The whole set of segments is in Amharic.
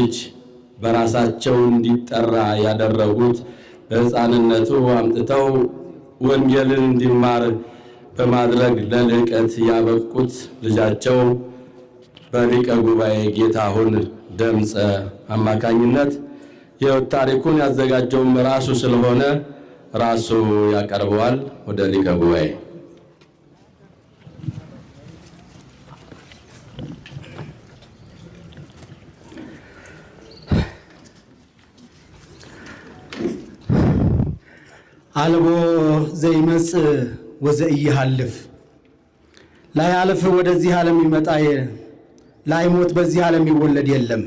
ልጅ በራሳቸው እንዲጠራ ያደረጉት በሕፃንነቱ አምጥተው ወንጌልን እንዲማር በማድረግ ለልቀት ያበቁት ልጃቸው በሊቀ ጉባኤ ጌታሁን ደምፀ አማካኝነት የሕይወት ታሪኩን ያዘጋጀውም ራሱ ስለሆነ ራሱ ያቀርበዋል። ወደ ሊቀ ጉባኤ አልቦ ዘይመጽ ወዘኢይሃልፍ ላያልፍ ወደዚህ ዓለም ይመጣ ላይሞት በዚህ ዓለም ይወለድ የለም።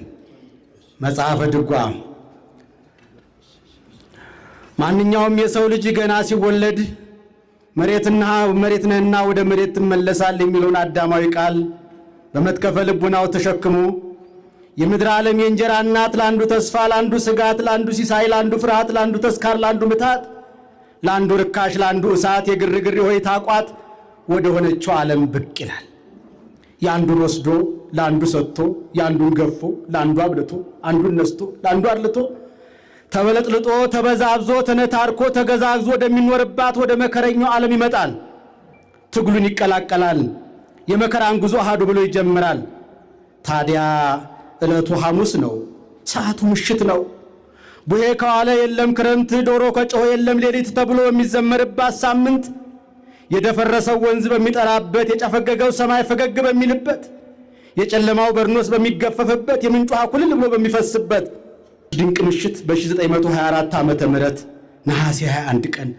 መጽሐፈ ድጓ። ማንኛውም የሰው ልጅ ገና ሲወለድ መሬትና መሬት ነህና ወደ መሬት ትመለሳል የሚለውን አዳማዊ ቃል በመትከፈ ልቡናው ተሸክሞ የምድር ዓለም የእንጀራ እናት ለአንዱ ተስፋ፣ ለአንዱ ስጋት፣ ለአንዱ ሲሳይ፣ ለአንዱ ፍርሃት፣ ለአንዱ ተስካር፣ ለአንዱ ምታት ለአንዱ ርካሽ ለአንዱ እሳት የግርግር ሆይታ ቋት ወደ ሆነችው ዓለም ብቅ ይላል። የአንዱን ወስዶ ለአንዱ ሰጥቶ የአንዱን ገፎ ለአንዱ አብልቶ አንዱን ነስቶ ለአንዱ አድልቶ ተበለጥልጦ ተበዛብዞ ተነታርኮ ተገዛግዞ ወደሚኖርባት ወደ መከረኛው ዓለም ይመጣል። ትግሉን ይቀላቀላል። የመከራን ጉዞ አሃዱ ብሎ ይጀምራል። ታዲያ ዕለቱ ሐሙስ ነው። ሰዓቱ ምሽት ነው። ቡሄ ከዋለ የለም ክረምት፣ ዶሮ ከጮኸ የለም ሌሊት ተብሎ የሚዘመርባት ሳምንት የደፈረሰው ወንዝ በሚጠራበት፣ የጨፈገገው ሰማይ ፈገግ በሚልበት፣ የጨለማው በርኖስ በሚገፈፍበት፣ የምንጩ ኩልል ብሎ በሚፈስበት ድንቅ ምሽት በ1924 ዓመተ ምህረት ነሐሴ 21 ቀን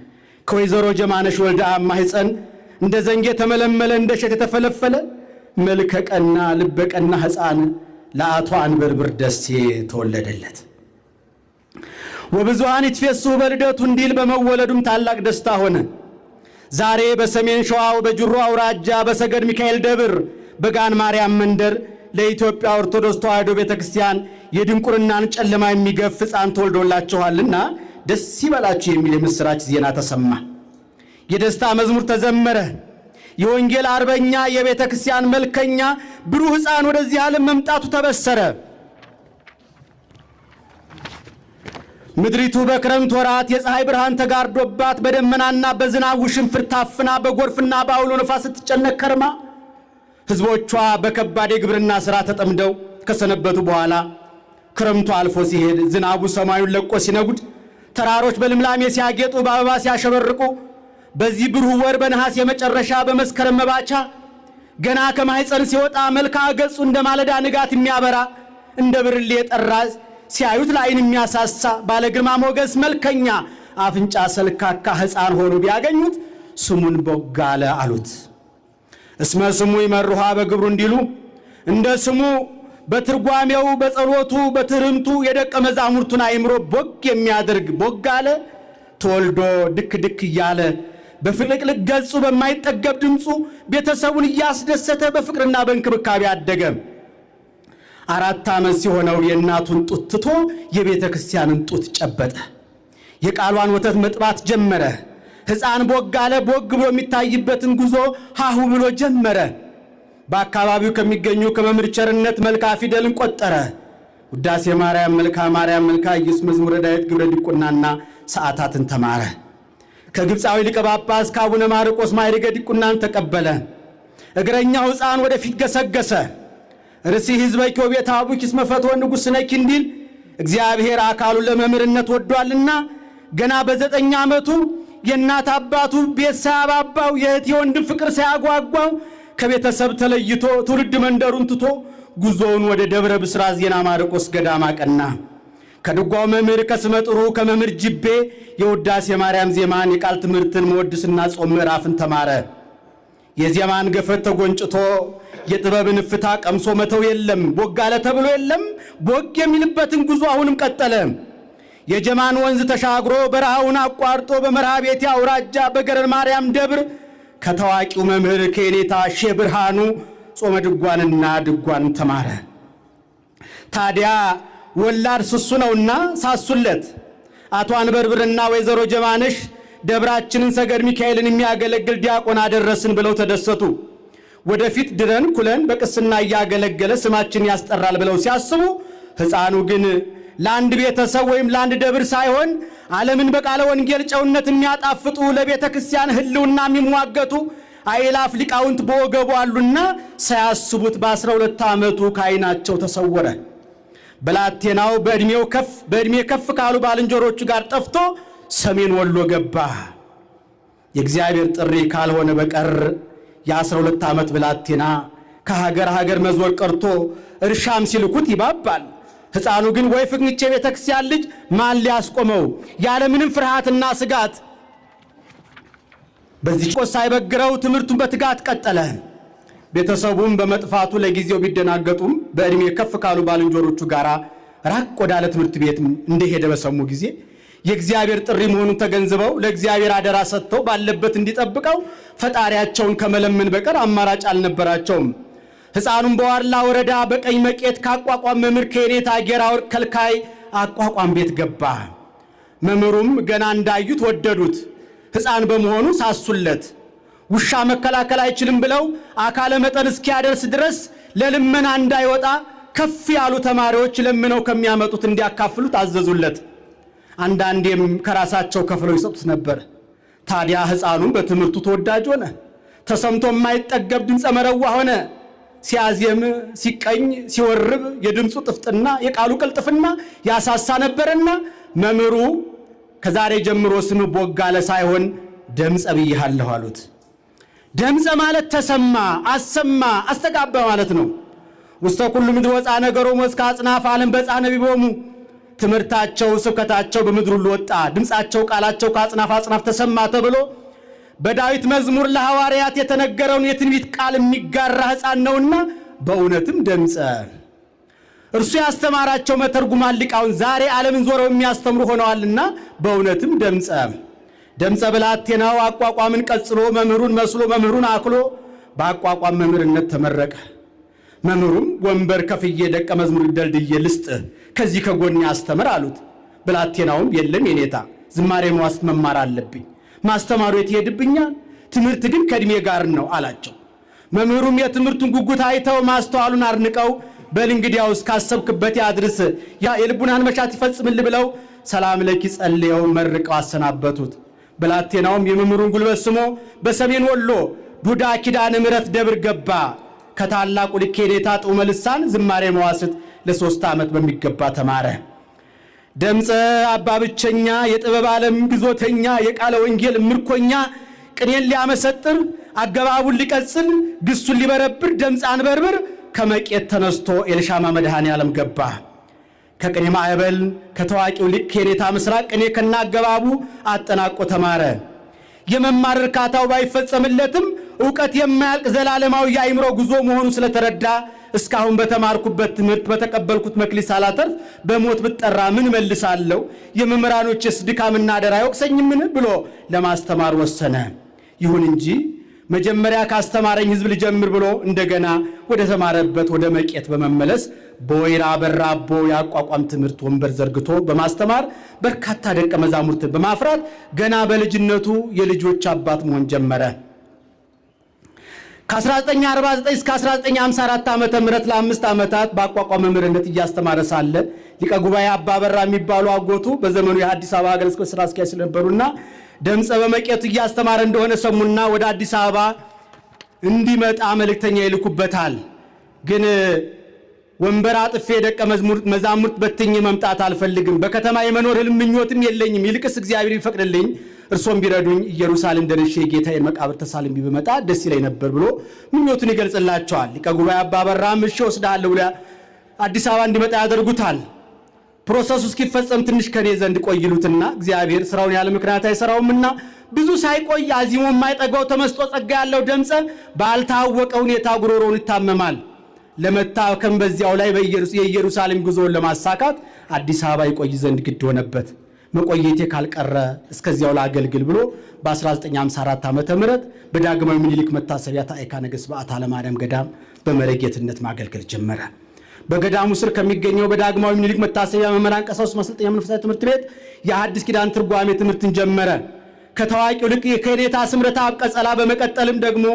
ከወይዘሮ ጀማነሽ ወልደ አማህፀን እንደ ዘንጌ የተመለመለ እንደ እሸት የተፈለፈለ መልከቀና ልበቀና ሕፃን ለአቶ አንበርብር ደሴ ተወለደለት። ወብዙሃን ይትፌስሑ በልደቱ እንዲል በመወለዱም ታላቅ ደስታ ሆነ። ዛሬ በሰሜን ሸዋው በጅሩ አውራጃ በሰገድ ሚካኤል ደብር በጋን ማርያም መንደር ለኢትዮጵያ ኦርቶዶክስ ተዋሕዶ ቤተ ክርስቲያን የድንቁርናን ጨለማ የሚገፍ ሕፃን ተወልዶላችኋልና ደስ ይበላችሁ የሚል የምሥራች ዜና ተሰማ። የደስታ መዝሙር ተዘመረ። የወንጌል አርበኛ የቤተ ክርስቲያን መልከኛ ብሩህ ሕፃን ወደዚህ ዓለም መምጣቱ ተበሰረ። ምድሪቱ በክረምት ወራት የፀሐይ ብርሃን ተጋርዶባት በደመናና በዝናቡ ውሽንፍር ታፍና በጎርፍና በአውሎ ነፋስ ስትጨነቅ ከርማ ሕዝቦቿ በከባድ የግብርና ሥራ ተጠምደው ከሰነበቱ በኋላ ክረምቱ አልፎ ሲሄድ ዝናቡ ሰማዩን ለቆ ሲነጉድ ተራሮች በልምላሜ ሲያጌጡ በአበባ ሲያሸበርቁ በዚህ ብሩህ ወር በነሐሴ የመጨረሻ በመስከረም መባቻ ገና ከማኅፀን ሲወጣ መልክዓ ገጹ እንደ ማለዳ ንጋት የሚያበራ እንደ ብርሌ የጠራ ሲያዩት ለአይን የሚያሳሳ ባለ ግርማ ሞገስ መልከኛ አፍንጫ ሰልካካ ሕፃን ሆኖ ቢያገኙት ስሙን ቦጋለ አሉት። እስመ ስሙ ይመሩሃ በግብሩ እንዲሉ እንደ ስሙ በትርጓሜው በጸሎቱ በትርምቱ የደቀ መዛሙርቱን አይምሮ ቦግ የሚያደርግ ቦጋለ ተወልዶ ድክ ድክ እያለ በፍልቅልቅ ገጹ በማይጠገብ ድምፁ ቤተሰቡን እያስደሰተ በፍቅርና በእንክብካቤ አደገም! አራት ዓመት ሲሆነው የእናቱን ጡት ትቶ የቤተ ክርስቲያንን ጡት ጨበጠ። የቃሏን ወተት መጥባት ጀመረ። ሕፃን ቦግ አለ። ቦግ ብሎ የሚታይበትን ጉዞ ሀሁ ብሎ ጀመረ። በአካባቢው ከሚገኙ ከመምህር ቸርነት መልካ ፊደልን ቆጠረ። ውዳሴ ማርያም መልካ ማርያም መልካ ኢየሱስ መዝሙረ ዳዊት ግብረ ድቁናና ሰዓታትን ተማረ። ከግብፃዊ ሊቀ ጳጳስ ከአቡነ ማርቆስ ማዕርገ ድቁናን ተቀበለ። እግረኛው ሕፃን ወደፊት ገሰገሰ። ርሲ ሕዝበኪ ወቤተ አቡኪ እስመ ፈትወ ንጉሥ ነኪ እንዲል እግዚአብሔር አካሉን ለመምህርነት ወዷልና ገና በዘጠኝ ዓመቱ የእናት አባቱ ቤት ሳያባባው የእህት የወንድም ፍቅር ሳያጓጓው ከቤተሰብ ተለይቶ ትውልድ መንደሩን ትቶ ጉዞውን ወደ ደብረ ብስራ ዜና ማርቆስ ገዳም አቀና። ከድጓው መምህር ከስመጥሩ ከመምህር ጅቤ የውዳሴ ማርያም ዜማን የቃል ትምህርትን መወድስና ጾም ምዕራፍን ተማረ። የዜማን ገፈት ተጎንጭቶ የጥበብን እፍታ ቀምሶ መተው የለም። ቦግ አለ ተብሎ የለም። ቦግ የሚልበትን ጉዞ አሁንም ቀጠለ። የጀማን ወንዝ ተሻግሮ በረሃውን አቋርጦ በመርሃ ቤቴ አውራጃ በገረድ ማርያም ደብር ከታዋቂው መምህር ከኔታ ሼህ ብርሃኑ ጾመ ድጓንና ድጓን ተማረ። ታዲያ ወላድ ስሱ ነውና ሳሱለት አቶ አንበርብርና ወይዘሮ ጀማንሽ ደብራችንን ሰገድ ሚካኤልን የሚያገለግል ዲያቆን አደረስን ብለው ተደሰቱ። ወደፊት ድረን ኩለን በቅስና እያገለገለ ስማችን ያስጠራል ብለው ሲያስቡ ሕፃኑ ግን ለአንድ ቤተሰብ ወይም ለአንድ ደብር ሳይሆን ዓለምን በቃለ ወንጌል ጨውነት የሚያጣፍጡ ለቤተ ክርስቲያን ሕልውና የሚሟገቱ አይላፍ ሊቃውንት በወገቡ አሉና ሳያስቡት በአስራ ሁለት ዓመቱ ከዓይናቸው ተሰወረ። ብላቴናው በዕድሜው ከፍ በዕድሜ ከፍ ካሉ ባልንጀሮቹ ጋር ጠፍቶ ሰሜን ወሎ ገባ። የእግዚአብሔር ጥሪ ካልሆነ በቀር የአስራ ሁለት ዓመት ብላቴና ከሀገር ሀገር መዞር ቀርቶ እርሻም ሲልኩት ይባባል። ሕፃኑ ግን ወይ ፍቅንቼ ቤተ ክርስቲያን ልጅ ማን ሊያስቆመው? ያለምንም ፍርሃትና ስጋት በዚህ ቆስ ሳይበግረው ትምህርቱን በትጋት ቀጠለ። ቤተሰቡም በመጥፋቱ ለጊዜው ቢደናገጡም በዕድሜ ከፍ ካሉ ባልንጀሮቹ ጋር ራቅ ወዳለ ትምህርት ቤት እንደሄደ በሰሙ ጊዜ የእግዚአብሔር ጥሪ መሆኑን ተገንዝበው ለእግዚአብሔር አደራ ሰጥተው ባለበት እንዲጠብቀው ፈጣሪያቸውን ከመለመን በቀር አማራጭ አልነበራቸውም። ሕፃኑም በዋርላ ወረዳ በቀኝ መቄት ካቋቋም መምህር ከኔታ ጌራ ወርቅ ከልካይ አቋቋም ቤት ገባ። መምህሩም ገና እንዳዩት ወደዱት። ሕፃን በመሆኑ ሳሱለት። ውሻ መከላከል አይችልም ብለው አካለ መጠን እስኪያደርስ ድረስ ለልመና እንዳይወጣ ከፍ ያሉ ተማሪዎች ለምነው ከሚያመጡት እንዲያካፍሉት አዘዙለት። አንዳንዴም ከራሳቸው ከፍለው ይሰጡት ነበር። ታዲያ ሕፃኑም በትምህርቱ ተወዳጅ ሆነ። ተሰምቶ የማይጠገብ ድምፀ መረዋ ሆነ። ሲያዜም፣ ሲቀኝ፣ ሲወርብ የድምፁ ጥፍጥና የቃሉ ቅልጥፍና ያሳሳ ነበርና መምህሩ ከዛሬ ጀምሮ ስም ቦጋለ ሳይሆን ደምፀ ብይሃለሁ አሉት። ደምፀ ማለት ተሰማ፣ አሰማ፣ አስተጋባ ማለት ነው። ውስተ ኩሉ ምድር ወፃ ነገሮሙ እስከ አጽናፈ ዓለም በፃ ነቢቦሙ ትምህርታቸው፣ ስብከታቸው በምድር ሁሉ ወጣ፣ ድምፃቸው፣ ቃላቸው ከአጽናፍ አጽናፍ ተሰማ ተብሎ በዳዊት መዝሙር ለሐዋርያት የተነገረውን የትንቢት ቃል የሚጋራ ሕፃን ነውና በእውነትም ደምፀ እርሱ ያስተማራቸው መተርጉማን ሊቃውን ዛሬ ዓለምን ዞረው የሚያስተምሩ ሆነዋልና በእውነትም ደምፀ ደምፀ ብላቴናው አቋቋምን ቀጽሎ መምህሩን መስሎ መምህሩን አክሎ በአቋቋም መምህርነት ተመረቀ። መምህሩም ወንበር ከፍዬ ደቀ መዝሙር ደልድዬ ልስጥ ከዚህ ከጎን አስተምር አሉት። ብላቴናውም የለም የኔታ ዝማሬ መዋስ መማር አለብኝ፣ ማስተማሩ የት ይሄድብኛል፣ ትምህርት ግን ከእድሜ ጋር ነው አላቸው። መምህሩም የትምህርቱን ጉጉት አይተው ማስተዋሉን አድንቀው በል እንግዲያውስ ካሰብክበት ያድርስ የልቡናን መሻት ይፈጽምል ብለው ሰላም ለኪ ጸልየው መርቀው አሰናበቱት። ብላቴናውም የመምህሩን ጉልበት ስሞ በሰሜን ወሎ ዱዳ ኪዳነ ምሕረት ደብር ገባ። ከታላቁ ልኬኔታ ጥዑመ ልሳን ዝማሬ መዋስት ለሶስት ዓመት በሚገባ ተማረ። ደምፀ አባ ብቸኛ የጥበብ ዓለም ግዞተኛ የቃለ ወንጌል ምርኮኛ ቅኔን ሊያመሰጥር አገባቡን ሊቀጽል ግሱን ሊበረብር ደምፀ አንበርብር ከመቄት ተነስቶ ኤልሻማ መድኃኔ ዓለም ገባ። ከቅኔ ማዕበል ከታዋቂው ሊቅ ከኔታ ምስራቅ ቅኔ ከና አገባቡ አጠናቆ ተማረ። የመማር እርካታው ባይፈጸምለትም እውቀት የማያልቅ ዘላለማዊ የአይምሮ ጉዞ መሆኑ ስለተረዳ እስካሁን በተማርኩበት ትምህርት በተቀበልኩት መክሊት ሳላተርፍ በሞት ብጠራ ምን መልሳለሁ? የመምህራኖችስ ድካምና አደራ አይወቅሰኝምን? ብሎ ለማስተማር ወሰነ። ይሁን እንጂ መጀመሪያ ካስተማረኝ ሕዝብ ልጀምር ብሎ እንደገና ወደ ተማረበት ወደ መቄት በመመለስ በወይራ በራቦ የአቋቋም ትምህርት ወንበር ዘርግቶ በማስተማር በርካታ ደቀ መዛሙርትን በማፍራት ገና በልጅነቱ የልጆች አባት መሆን ጀመረ። ከ1949 እስከ 1954 ዓመተ ምህረት ለአምስት ዓመታት በአቋቋም መምህርነት እያስተማረ ሳለ ሊቀ ጉባኤ አባበራ የሚባሉ አጎቱ በዘመኑ የአዲስ አበባ ሀገረ ስብከት ስራ አስኪያጅ ስለነበሩና ደምፀ በመቄቱ እያስተማረ እንደሆነ ሰሙና ወደ አዲስ አበባ እንዲመጣ መልእክተኛ ይልኩበታል። ግን ወንበር አጥፌ ደቀ መዛሙርት በትኜ መምጣት አልፈልግም፣ በከተማ የመኖር ህልም ምኞትም የለኝም። ይልቅስ እግዚአብሔር ይፈቅድልኝ እርሶም ቢረዱኝ ኢየሩሳሌም ደርሼ ጌታ መቃብር ተሳልሜ ብመጣ ደስ ይለኝ ነበር ብሎ ምኞቱን ይገልጽላቸዋል። ሊቀ ጉባኤ አባበራ ምሽ ወስዳለሁ ብሎ አዲስ አበባ እንዲመጣ ያደርጉታል። ፕሮሰሱ እስኪፈጸም ትንሽ ከኔ ዘንድ ቆይሉትና እግዚአብሔር ስራውን ያለ ምክንያት አይሰራውምና ብዙ ሳይቆይ አዚሙ የማይጠገው ተመስጦ ጸጋ ያለው ደምፀ ባልታወቀ ሁኔታ ጉሮሮውን ይታመማል። ለመታከም በዚያው ላይ የኢየሩሳሌም ጉዞውን ለማሳካት አዲስ አበባ ይቆይ ዘንድ ግድ ሆነበት። መቆየቴ ካልቀረ እስከዚያው ላገልግል ብሎ በ1954 ዓ ም በዳግማዊ ምኒልክ መታሰቢያ ታዕካ ነገሥት በዓታ ለማርያም ገዳም በመረጌትነት ማገልገል ጀመረ። በገዳሙ ስር ከሚገኘው በዳግማዊ ምኒልክ መታሰቢያ መምህራን ቀሳውስት ማሰልጠኛ መንፈሳዊ ትምህርት ቤት የአዲስ ኪዳን ትርጓሜ ትምህርትን ጀመረ። ከታዋቂው ልቅ ከኔታ ስምረታ አብቀጸላ በመቀጠልም ደግሞ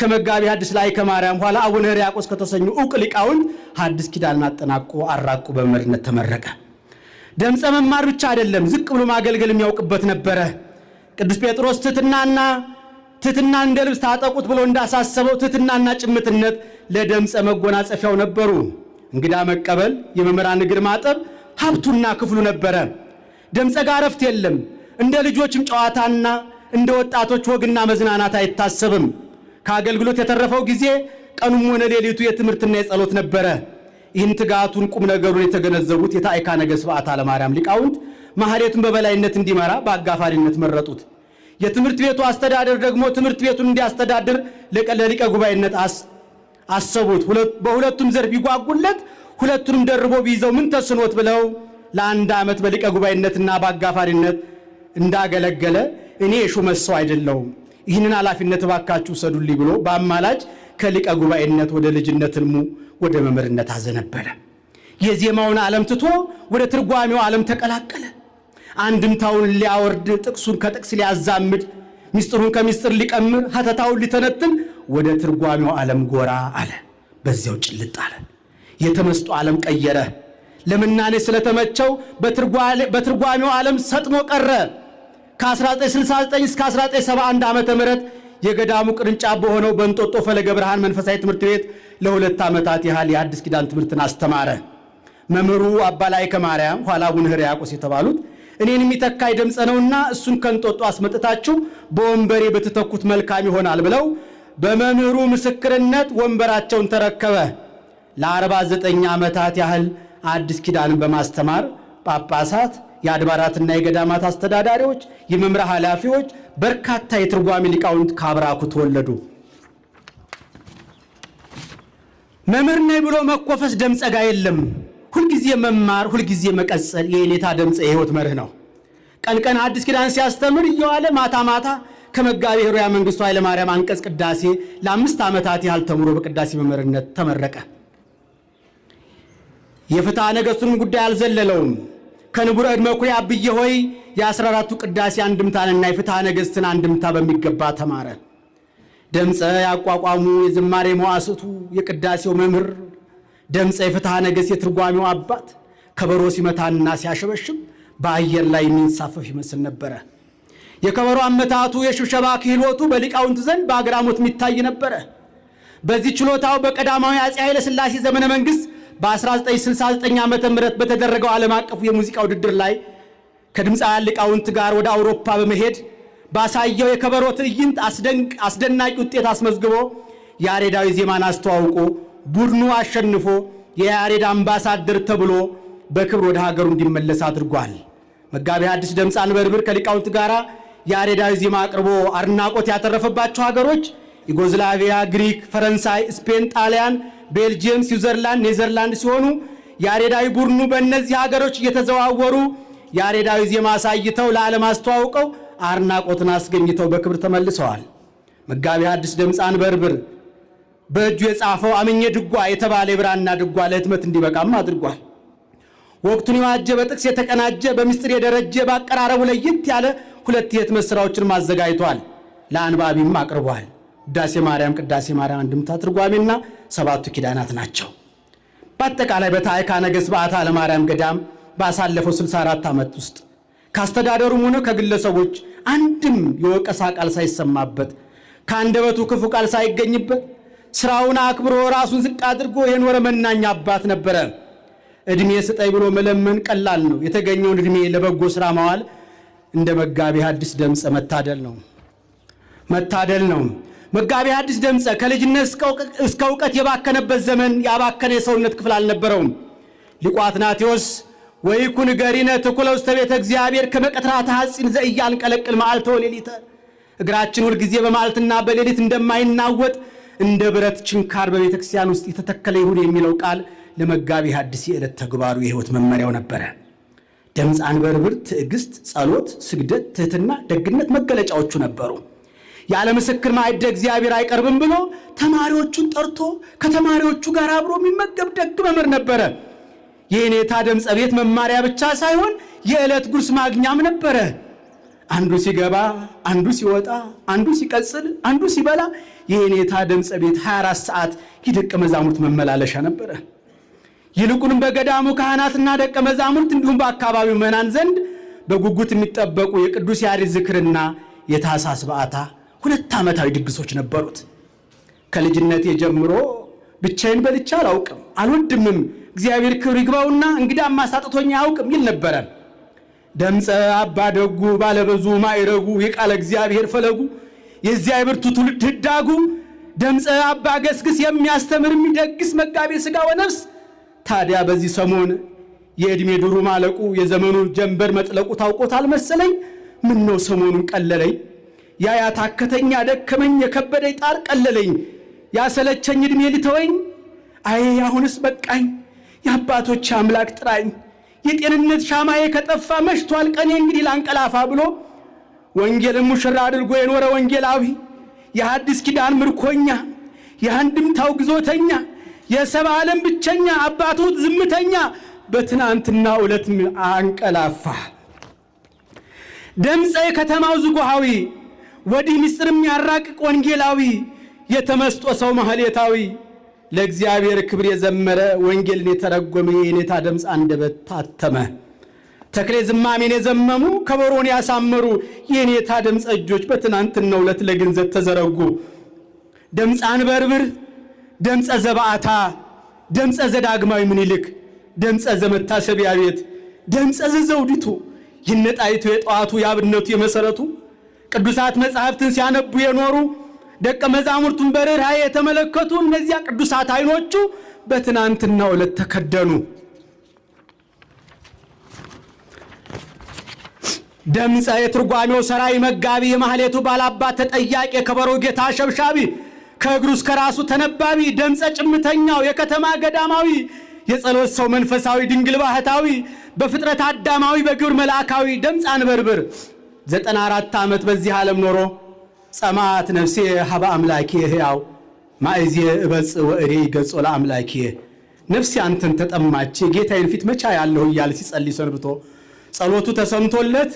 ከመጋቢ ሐዲስ ላይ ከማርያም ኋላ አቡነ ሕርያቆስ ከተሰኙ ዕውቅ ሊቃውንት ሐዲስ ኪዳንን አጠናቆ አራቁ በመምህርነት ተመረቀ። ድምፀ መማር ብቻ አይደለም፣ ዝቅ ብሎ ማገልገል የሚያውቅበት ነበረ። ቅዱስ ጴጥሮስ ትትናና ትትና እንደ ልብስ ታጠቁት ብሎ እንዳሳሰበው ትትናና ጭምትነት ለደምፀ መጎናጸፊያው ነበሩ። እንግዳ መቀበል፣ የመምህራን እግር ማጠብ ሀብቱና ክፍሉ ነበረ። ደምፀ ጋር እረፍት የለም። እንደ ልጆችም ጨዋታና እንደ ወጣቶች ወግና መዝናናት አይታሰብም። ከአገልግሎት የተረፈው ጊዜ ቀኑም ሆነ ሌሊቱ የትምህርትና የጸሎት ነበረ። ይህን ትጋቱን ቁም ነገሩን የተገነዘቡት የታዕካ ነገሥት በዓታ ለማርያም ሊቃውንት ማህሌቱን በበላይነት እንዲመራ በአጋፋሪነት መረጡት። የትምህርት ቤቱ አስተዳደር ደግሞ ትምህርት ቤቱን እንዲያስተዳድር ለሊቀ ጉባኤነት አሰቡት። በሁለቱም ዘርፍ ቢጓጉለት ሁለቱንም ደርቦ ቢይዘው ምን ተስኖት ብለው ለአንድ ዓመት በሊቀ ጉባኤነትና በአጋፋሪነት እንዳገለገለ እኔ የሹመት ሰው አይደለውም፣ ይህንን ኃላፊነት እባካችሁ ውሰዱልኝ ብሎ በአማላጅ ከሊቀ ጉባኤነት ወደ ልጅነት ሕልሙ ወደ መምህርነት አዘነበለ። የዜማውን ዓለም ትቶ ወደ ትርጓሜው ዓለም ተቀላቀለ። አንድምታውን ሊያወርድ፣ ጥቅሱን ከጥቅስ ሊያዛምድ፣ ሚስጥሩን ከሚስጥር ሊቀምር፣ ሀተታውን ሊተነትን ወደ ትርጓሜው ዓለም ጎራ አለ። በዚያው ጭልጥ አለ። የተመስጦ ዓለም ቀየረ። ለምናኔ ስለተመቸው በትርጓሜው ዓለም ሰጥሞ ቀረ። ከ1969 እስከ 1971 ዓ ም የገዳሙ ቅርንጫፍ በሆነው በእንጦጦ ፈለገ ብርሃን መንፈሳዊ ትምህርት ቤት ለሁለት ዓመታት ያህል የአዲስ ኪዳን ትምህርትን አስተማረ። መምህሩ አባ ላይከ ማርያም ኋላ አቡነ ሕርያቆስ የተባሉት እኔን የሚተካ የደምፀ ነውና እሱን ከእንጦጦ አስመጥታችሁ በወንበሬ በተተኩት መልካም ይሆናል ብለው በመምህሩ ምስክርነት ወንበራቸውን ተረከበ። ለ49 ዓመታት ያህል አዲስ ኪዳንን በማስተማር ጳጳሳት፣ የአድባራትና የገዳማት አስተዳዳሪዎች፣ የመምራ ኃላፊዎች፣ በርካታ የትርጓሜ ሊቃውንት ከአብራኩ ተወለዱ። መምህር ነኝ ብሎ መኮፈስ ደምጸጋ የለም። ሁልጊዜ መማር፣ ሁልጊዜ መቀጸል የኔታ ደምጸ የህይወት መርህ ነው። ቀን ቀን አዲስ ኪዳን ሲያስተምር እየዋለ ማታ ማታ ከመጋቤ ሕሩያ መንግስቱ ኃይለማርያም አንቀጽ ቅዳሴ ለአምስት ዓመታት ያህል ተምሮ በቅዳሴ መምህርነት ተመረቀ። የፍትሐ ነገስቱን ጉዳይ አልዘለለውም። ከንቡረ ዕድ መኩሪያ አብዬ ሆይ የአስራ አራቱ ቅዳሴ አንድምታንና የፍትሐ ነገሥትን አንድምታ በሚገባ ተማረ። ደምፀ ያቋቋሙ የዝማሬ መዋስቱ የቅዳሴው መምህር፣ ደምፀ የፍትሐ ነገሥት የትርጓሜው አባት ከበሮ ሲመታና ሲያሸበሽብ በአየር ላይ የሚንሳፈፍ ይመስል ነበረ። የከበሮ አመታቱ የሽብሸባ ክህሎቱ በሊቃውንት ዘንድ በአግራሞት የሚታይ ነበረ። በዚህ ችሎታው በቀዳማዊ አፄ ኃይለ ሥላሴ ዘመነ መንግሥት በ1969 ዓ ም በተደረገው ዓለም አቀፉ የሙዚቃ ውድድር ላይ ከድምፃውያን ሊቃውንት ጋር ወደ አውሮፓ በመሄድ ባሳየው የከበሮ ትዕይንት አስደናቂ ውጤት አስመዝግቦ ያሬዳዊ ዜማን አስተዋውቆ ቡድኑ አሸንፎ የያሬድ አምባሳደር ተብሎ በክብር ወደ ሀገሩ እንዲመለስ አድርጓል። መጋቢ ሐዲስ ደምፀ አንበርብር ከሊቃውንት ጋር ያሬዳዊ ዜማ አቅርቦ አድናቆት ያተረፈባቸው ሀገሮች ዩጎዝላቪያ፣ ግሪክ፣ ፈረንሳይ፣ ስፔን፣ ጣሊያን፣ ቤልጅየም፣ ስዊዘርላንድ፣ ኔዘርላንድ ሲሆኑ ያሬዳዊ ቡድኑ በእነዚህ ሀገሮች እየተዘዋወሩ ያሬዳዊ ዜማ አሳይተው ለዓለም አስተዋውቀው አድናቆትን አስገኝተው በክብር ተመልሰዋል። መጋቢ ሐዲስ ድምፅ አንበርብር በእጁ የጻፈው አምኜ ድጓ የተባለ የብራና ድጓ ለህትመት እንዲበቃም አድርጓል። ወቅቱን የዋጀ በጥቅስ የተቀናጀ በምስጢር የደረጀ በአቀራረቡ ለየት ያለ ሁለት የህትመት ስራዎችን አዘጋጅቷል፣ ለአንባቢም አቅርቧል። ውዳሴ ማርያም፣ ቅዳሴ ማርያም አንድምታ ትርጓሜና ሰባቱ ኪዳናት ናቸው። በአጠቃላይ በታዕካ ነገሥት በዓታ ለማርያም ገዳም ባሳለፈው 64 ዓመት ውስጥ ካስተዳደሩም ሆነ ከግለሰቦች አንድም የወቀሳ ቃል ሳይሰማበት ከአንደበቱ ክፉ ቃል ሳይገኝበት ስራውን አክብሮ ራሱን ዝቅ አድርጎ የኖረ መናኛ አባት ነበረ። እድሜ ስጠኝ ብሎ መለመን ቀላል ነው። የተገኘውን እድሜ ለበጎ ስራ ማዋል እንደ መጋቢ ሐዲስ ደምፀ መታደል ነው መታደል ነው። መጋቢ ሐዲስ ደምፀ ከልጅነት እስከ እውቀት የባከነበት ዘመን ያባከነ የሰውነት ክፍል አልነበረውም። ሊቁ አትናቴዎስ ወይኩን ገሪነ ትኩለ ውስተ ቤተ እግዚአብሔር ከመቀትራተ ሐፂን ዘኢያንቀለቅል መዓልተ ወሌሊተ፣ እግራችን ሁልጊዜ በመዓልትና በሌሊት እንደማይናወጥ እንደ ብረት ችንካር በቤተ ክርስቲያን ውስጥ የተተከለ ይሁን የሚለው ቃል ለመጋቢ ሐዲስ የዕለት ተግባሩ የሕይወት መመሪያው ነበረ። ደምፀ አንበርብር፣ ትዕግስት፣ ጸሎት፣ ስግደት፣ ትህትና፣ ደግነት መገለጫዎቹ ነበሩ። ያለ ምስክር ማዕደ እግዚአብሔር አይቀርብም ብሎ ተማሪዎቹን ጠርቶ ከተማሪዎቹ ጋር አብሮ የሚመገብ ደግ መምህር ነበረ። የኔታ ድምፀ ቤት መማሪያ ብቻ ሳይሆን የዕለት ጉርስ ማግኛም ነበረ። አንዱ ሲገባ፣ አንዱ ሲወጣ፣ አንዱ ሲቀጽል፣ አንዱ ሲበላ የኔታ ድምፀ ቤት 24 ሰዓት የደቀ መዛሙርት መመላለሻ ነበረ። ይልቁንም በገዳሙ ካህናትና ደቀ መዛሙርት እንዲሁም በአካባቢው መናን ዘንድ በጉጉት የሚጠበቁ የቅዱስ ያሬድ ዝክርና የታሳስ በዓታ ሁለት ዓመታዊ ድግሶች ነበሩት። ከልጅነት ጀምሮ ብቻዬን በልቼ አላውቅም፣ አልወድምም፣ እግዚአብሔር ክብር ይግባውና እንግዳም አሳጥቶኝ አያውቅም ይል ነበረ። ደምፀ አባ ደጉ ባለበዙ ማይረጉ የቃለ እግዚአብሔር ፈለጉ የዚያ የብርቱ ትውልድ ህዳጉ ደምፀ አባ ገስግስ የሚያስተምር የሚደግስ መጋቤ ሥጋ ወነፍስ። ታዲያ በዚህ ሰሞን የዕድሜ ድሩ ማለቁ የዘመኑ ጀንበር መጥለቁ ታውቆታል መሰለኝ። ምነው ሰሞኑን ቀለለኝ። ያ ያታከተኝ ያደከመኝ የከበደኝ ጣር ቀለለኝ ያሰለቸኝ እድሜ ልተወኝ አይ አሁንስ በቃኝ የአባቶች አምላክ ጥራኝ የጤንነት ሻማዬ ከጠፋ መሽቷል ቀኔ እንግዲህ ላንቀላፋ ብሎ ወንጌልን ሙሽራ አድርጎ የኖረ ወንጌላዊ የሐዲስ ኪዳን ምርኮኛ የአንድምታው ግዞተኛ የሰብ ዓለም ብቸኛ አባቶት ዝምተኛ በትናንትና ዕለት አንቀላፋ። ደምፀ ከተማው ዝጉሃዊ ወዲህ ምስጢር የሚያራቅቅ ወንጌላዊ የተመስጦ ሰው ማህሌታዊ ለእግዚአብሔር ክብር የዘመረ ወንጌልን የተረጎመ የኔታ ድምፅ አንደበት ታተመ። ተክሌ ዝማሜን የዘመሙ ከበሮን ያሳመሩ የኔታ ድምፅ እጆች በትናንትናው ዕለት ለግንዘት ተዘረጉ። ድምፅ አንበርብር፣ ድምፀ ዘባአታ፣ ድምፀ ዘዳግማዊ ምኒልክ፣ ድምፀ ዘመታሰቢያ ቤት፣ ድምፀ ዘዘውዲቱ ይነጣይቱ የጠዋቱ የአብነቱ የመሰረቱ ቅዱሳት መጻሕፍትን ሲያነቡ የኖሩ ደቀ መዛሙርቱን በርኅራኄ የተመለከቱ እነዚያ ቅዱሳት ዓይኖቹ በትናንትናው ዕለት ተከደኑ። ደምፀ የትርጓሜው ሰራዊ መጋቢ የማህሌቱ ባላባት ተጠያቂ የከበሮ ጌታ ሸብሻቢ ከእግሩ እስከ ራሱ ተነባቢ ደምፀ ጭምተኛው የከተማ ገዳማዊ የጸሎት ሰው መንፈሳዊ ድንግል ባህታዊ በፍጥረት አዳማዊ በግብር መልአካዊ ደምፀ አንበርብር ዘጠና አራት ዓመት በዚህ ዓለም ኖሮ ጸማት ነፍሴ ሀበ አምላኬ ሕያው ማእዜ እበጽ ወእሬ ይገጾ ለአምላኬ ነፍሴ አንተን ተጠማች ጌታዬን ፊት መቻ ያለሁ እያለ ሲጸልይ ሰንብቶ ጸሎቱ ተሰምቶለት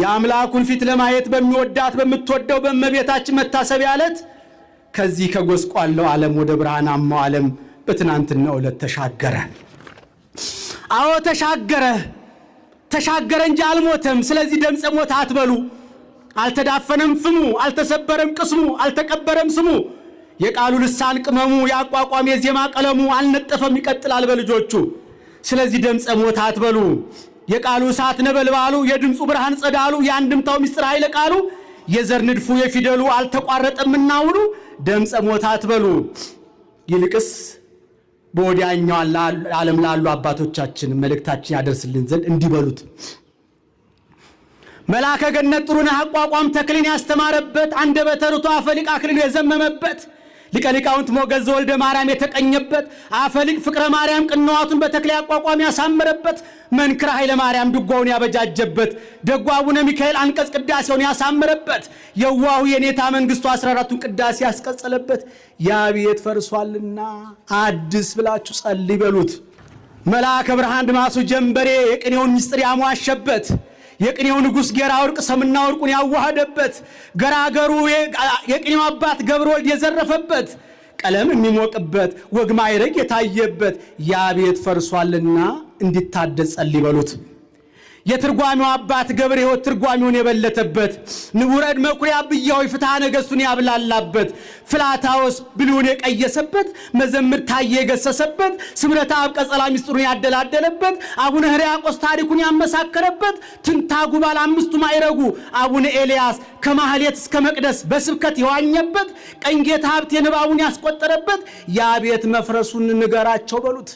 የአምላኩን ፊት ለማየት በሚወዳት በምትወደው በእመቤታችን መታሰቢያ ዕለት ከዚህ ከጎስቋለው ዓለም ወደ ብርሃናማው ዓለም በትናንትና ዕለት ተሻገረ። አዎ ተሻገረ። ተሻገረ እንጂ አልሞተም። ስለዚህ ደምፀ ሞት አትበሉ። አልተዳፈነም ፍሙ፣ አልተሰበረም ቅስሙ፣ አልተቀበረም ስሙ። የቃሉ ልሳን ቅመሙ፣ የአቋቋም የዜማ ቀለሙ አልነጠፈም፣ ይቀጥላል በልጆቹ። ስለዚህ ደምፀ ሞት አትበሉ። የቃሉ እሳት ነበልባሉ፣ የድምፁ ብርሃን ጸዳሉ፣ የአንድምታው ምስጢር ኃይለ ቃሉ፣ የዘር ንድፉ የፊደሉ አልተቋረጠምና ውሉ። ደምፀ ሞት አትበሉ ይልቅስ በወዲያኛው ዓለም ላሉ አባቶቻችን መልእክታችን ያደርስልን ዘንድ እንዲበሉት መልአከ ገነት ጥሩነህ አቋቋም ተክልን ያስተማረበት አንደበተ ርቱዕ አፈ ሊቃ አክሊሉ የዘመመበት ሊቀ ሊቃውንት ወልደ ማርያም የተቀኘበት አፈሊቅ ፍቅረ ማርያም ቅንዋቱን በተክለ አቋቋም ያሳመረበት መንክረ ኃይለ ማርያም ድጓውን ያበጃጀበት ደጓ አቡነ ሚካኤል አንቀጽ ቅዳሴውን ያሳመረበት የዋሁ የኔታ መንግስቱ አስራ አራቱን ቅዳሴ ያስቀጸለበት ያ ቤት ፈርሷልና አድስ ብላችሁ ጸልይ በሉት። መልአከ ብርሃን ድማሱ ጀንበሬ የቅኔውን ምስጢር ያሟሸበት የቅኔው ንጉሥ ጌራ ወርቅ ሰምና ወርቁን ያዋሃደበት ገራገሩ የቅኔው አባት ገብረወልድ የዘረፈበት ቀለም የሚሞቅበት ወግ ማዕረግ የታየበት ያ ቤት ፈርሷልና እንዲታደስ ጸልይ የትርጓሚው አባት ገብረ ሕይወት ትርጓሚውን የበለተበት ንቡረድ መኩሪያ ብያዊ ፍትሐ ነገሥቱን ያብላላበት ፍላታዎስ ብሉን የቀየሰበት መዘምር ታየ የገሰሰበት ስምረተ አብ ቀጸላ ሚስጥሩን ያደላደለበት አቡነ ሕርያቆስ ታሪኩን ያመሳከረበት ትንታ ጉባል አምስቱ ማይረጉ አቡነ ኤልያስ ከማህሌት እስከ መቅደስ በስብከት የዋኘበት ቀኝ ጌታ ሀብቴ ንባቡን ያስቆጠረበት ያ ቤት መፍረሱን ንገራቸው በሉት።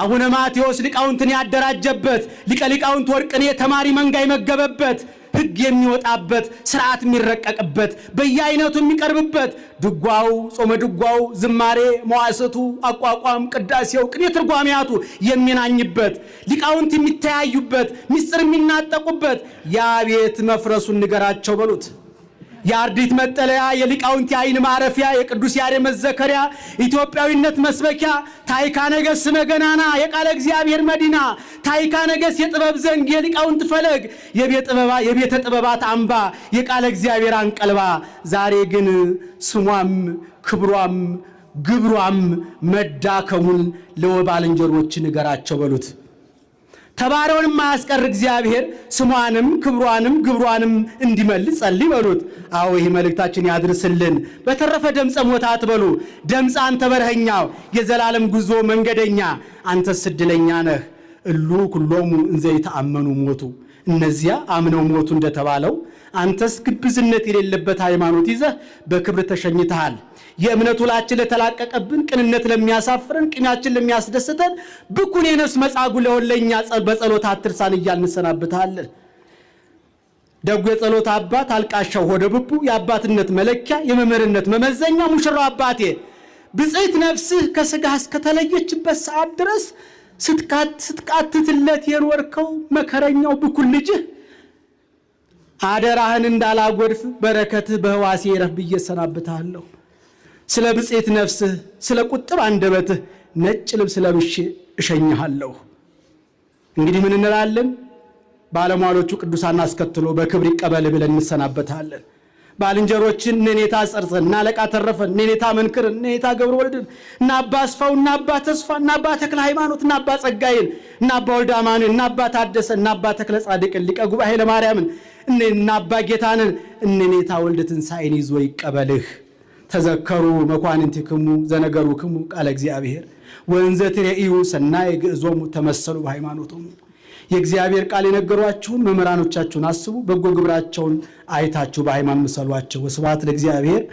አቡነ ማቴዎስ ሊቃውንትን ያደራጀበት ሊቀ ሊቃውንት ወርቅኔ ተማሪ መንጋ የመገበበት ሕግ የሚወጣበት ስርዓት የሚረቀቅበት በየአይነቱ የሚቀርብበት ድጓው፣ ጾመ ድጓው፣ ዝማሬ፣ መዋሰቱ አቋቋም፣ ቅዳሴው፣ ቅኔ ትርጓሜያቱ የሚናኝበት ሊቃውንት የሚተያዩበት ምስጢር የሚናጠቁበት ያ ቤት መፍረሱን ንገራቸው በሉት። የአርዲት መጠለያ፣ የሊቃውንት የአይን ማረፊያ፣ የቅዱስ ያሬ መዘከሪያ፣ ኢትዮጵያዊነት መስበኪያ፣ ታይካ ነገስ ስመ ገናና፣ የቃለ እግዚአብሔር መዲና፣ ታይካ ነገስ የጥበብ ዘንግ፣ የሊቃውንት ፈለግ፣ የቤተ ጥበባት አምባ፣ የቃለ እግዚአብሔር አንቀልባ። ዛሬ ግን ስሟም ክብሯም ግብሯም መዳከሙን ለወባልንጀሮች ንገራቸው በሉት። ተባሪያውን የማያስቀር እግዚአብሔር ስሟንም ክብሯንም ግብሯንም እንዲመልስ ጸልይ በሉት። አዎ ይህ መልእክታችን ያድርስልን። በተረፈ ደምፀ ሞታ አትበሉ። ደምፀ አንተ በረኸኛው የዘላለም ጉዞ መንገደኛ አንተስ ዕድለኛ ነህ። እሉ ኩሎሙ እንዘ የተአመኑ ሞቱ፣ እነዚያ አምነው ሞቱ እንደተባለው አንተስ ግብዝነት የሌለበት ሃይማኖት ይዘህ በክብር ተሸኝተሃል። የእምነቱ ላችን ለተላቀቀብን ቅንነት ለሚያሳፍረን ቅኔያችን ለሚያስደስተን ብኩን የነፍስ መጻጉዕ ለወለኛ በጸሎት አትርሳን እያልን እንሰናብትሃለን። ደጉ የጸሎት አባት አልቃሻው ሆደ ብቡ የአባትነት መለኪያ የመምህርነት መመዘኛ ሙሽራው አባቴ ብጽሕት ነፍስህ ከስጋ እስከተለየችበት ሰዓት ድረስ ስትቃትትለት የኖርከው መከረኛው ብኩን ልጅህ አደራህን እንዳላጎድፍ በረከትህ በህዋሴ ረፍ ብዬ እሰናብትሃለሁ። ስለ ብፅዕት ነፍስህ፣ ስለ ቁጥብ አንደበትህ ነጭ ልብስ ለብሼ እሸኝሃለሁ። እንግዲህ ምን እንላለን? ባለሟሎቹ ቅዱሳን አስከትሎ በክብር ይቀበል ብለን እንሰናበታለን። ባልንጀሮችን እነኔታ ጸርሰን እናለቃ ተረፈን፣ እነኔታ መንክርን፣ እነኔታ ገብረ ወልድን እናባ አባ አስፋው እና ተስፋ እናባ ተክለ ሃይማኖት እናባ ጸጋይን እናባ ወልዳማንን እናባ አባ ታደሰ እና ተክለ ጻድቅን ሊቀ ጉባኤ ለማርያምን እና አባ ጌታንን እነኔታ ወልድ ትንሣኤን ይዞ ይቀበልህ ተዘከሩ ክሙ ዘነገሩ ክሙ ቃለ እግዚአብሔር ወእንዘ ትሬኢዩ ሰናየ ግዕዞሙ ተመሰሉ በሃይማኖቶሙ የእግዚአብሔር ቃል የነገሯችሁን መምህራኖቻችሁን አስቡ፣ በጎ ግብራቸውን አይታችሁ በሃይማኖት ምሰሏቸው። ወስብሐት ለእግዚአብሔር